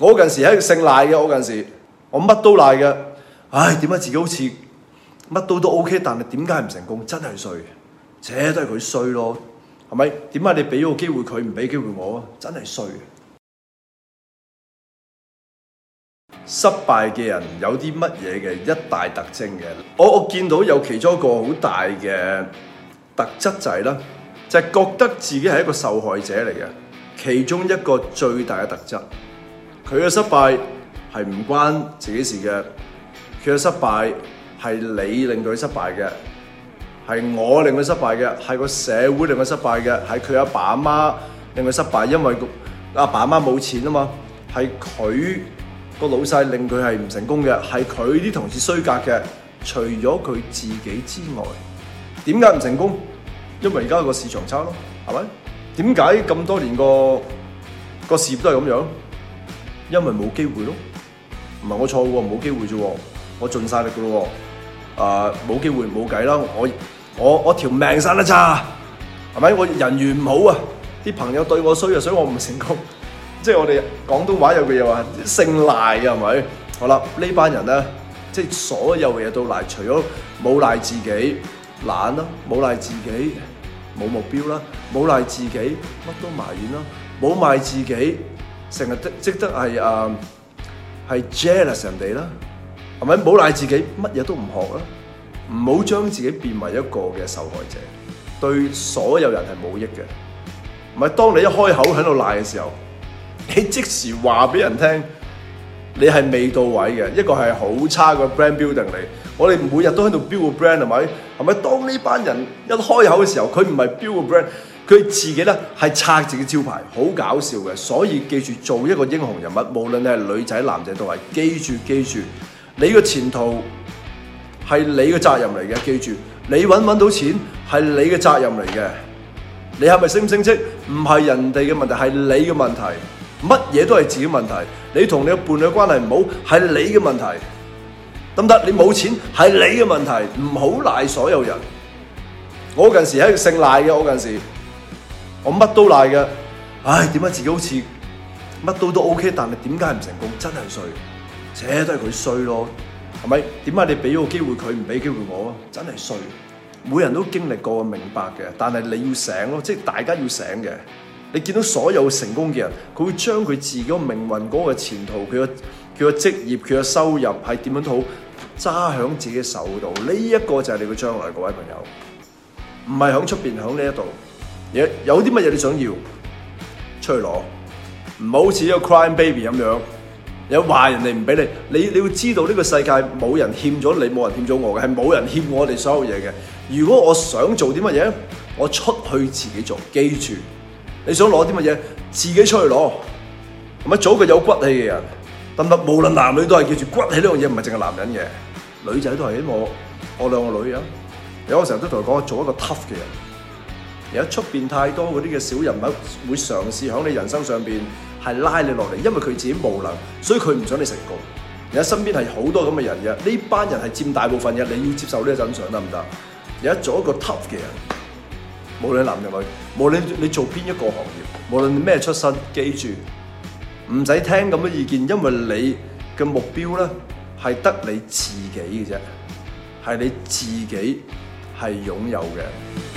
我嗰陣時係一個姓賴嘅，我嗰陣時我乜都賴嘅，唉，點解自己好似乜都都 O K，但係點解唔成功？真係衰，即係都係佢衰咯，係咪？點解你俾咗個機會佢，唔俾機會我？真係衰。失敗嘅人有啲乜嘢嘅一大特徵嘅？我我見到有其中一個好大嘅特質就係咧，就係覺得自己係一個受害者嚟嘅，其中一個最大嘅特質。佢嘅失敗係唔關自己事嘅，佢嘅失敗係你令佢失敗嘅，係我令佢失敗嘅，係個社會令佢失敗嘅，係佢阿爸阿媽令佢失敗，因為阿爸阿媽冇錢啊嘛，係佢個老細令佢係唔成功嘅，係佢啲同事衰格嘅，除咗佢自己之外，點解唔成功？因為而家個市場差咯，係咪？點解咁多年個個事業都係咁樣？因為冇機會咯，唔係我錯喎，冇機會啫，我盡晒力噶咯，啊、呃、冇機會冇計啦，我我我條命生得差，係咪？我人緣唔好啊，啲朋友對我衰啊，所以我唔成功。即係我哋廣東話有句話，姓賴嘅係咪？好啦，呢班人咧，即係所有嘅嘢都賴，除咗冇賴自己，懶囉，冇賴自己，冇目標啦，冇賴自己，乜都埋怨啦，冇賴自己。成日得即得係啊，係、uh, jealous 人哋啦，係咪？唔好賴自己，乜嘢都唔學啦，唔好將自己變為一個嘅受害者，對所有人係冇益嘅。唔係當你一開口喺度賴嘅時候，你即時話俾人聽，你係未到位嘅，一個係好差嘅 brand building 嚟。我哋每日都喺度 build 個 brand，係咪？係咪？當呢班人一開口嘅時候，佢唔係 build 個 brand。佢自己呢係拆自己招牌，好搞笑嘅。所以記住，做一個英雄人物，無論你係女仔男仔都係。記住，記住，你嘅前途係你嘅責任嚟嘅。記住，你搵唔搵到錢係你嘅責任嚟嘅。你係咪升唔升職，唔係人哋嘅問題，係你嘅問題。乜嘢都係自己的問題。你同你嘅伴侶的關係唔好，係你嘅問題。得唔得？你冇錢係你嘅問題，唔好賴所有人。我嗰陣時喺度姓賴嘅，我嗰陣時候。我乜都賴嘅，唉，點解自己好似乜都都 OK，但係點解唔成功？真係衰，且都係佢衰咯，係咪？點解你俾個機會佢，唔俾機會我？真係衰。每人都經歷過，明白嘅，但係你要醒咯，即係大家要醒嘅。你見到所有成功嘅人，佢會將佢自己個命運、嗰個前途、佢嘅佢嘅職業、佢嘅收入係點樣都好揸喺自己手度。呢一個就係你嘅將來，各位朋友，唔係喺出邊，喺呢一度。有啲乜嘢你想要？出去攞，唔好似一個 Crying Baby 咁樣。有話人哋唔俾你，你你要知道呢個世界冇人欠咗你，冇人欠咗我嘅，係冇人欠我哋所有嘢嘅。如果我想做啲乜嘢，我出去自己做。記住，你想攞啲乜嘢，自己出去攞，咁咪做一個有骨氣嘅人。不論無論男女都係叫住骨氣呢樣嘢，唔係淨係男人嘅，女仔都係。希望我我兩個女啊，有我成日都同佢講，做一個 Tough 嘅人。而家出邊太多嗰啲嘅小人物會嘗試響你人生上邊係拉你落嚟，因為佢自己無能，所以佢唔想你成功。而家身邊係好多咁嘅人嘅，呢班人係佔大部分嘅，你要接受呢個真相得唔得？而家做一個 tough 嘅人，無論男定女，無論你做邊一個行業，無論你咩出身，記住唔使聽咁嘅意見，因為你嘅目標咧係得你自己嘅啫，係你自己係擁有嘅。